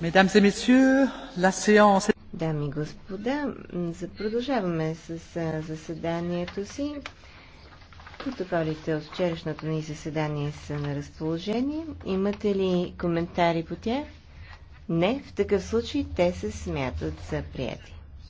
Mesdames et messieurs, la séance... Дами и господа, продължаваме с заседанието си. Протоколите от вчерашното ни заседание са на разположение. Имате ли коментари по тях? Не, в такъв случай те се смятат за прияти.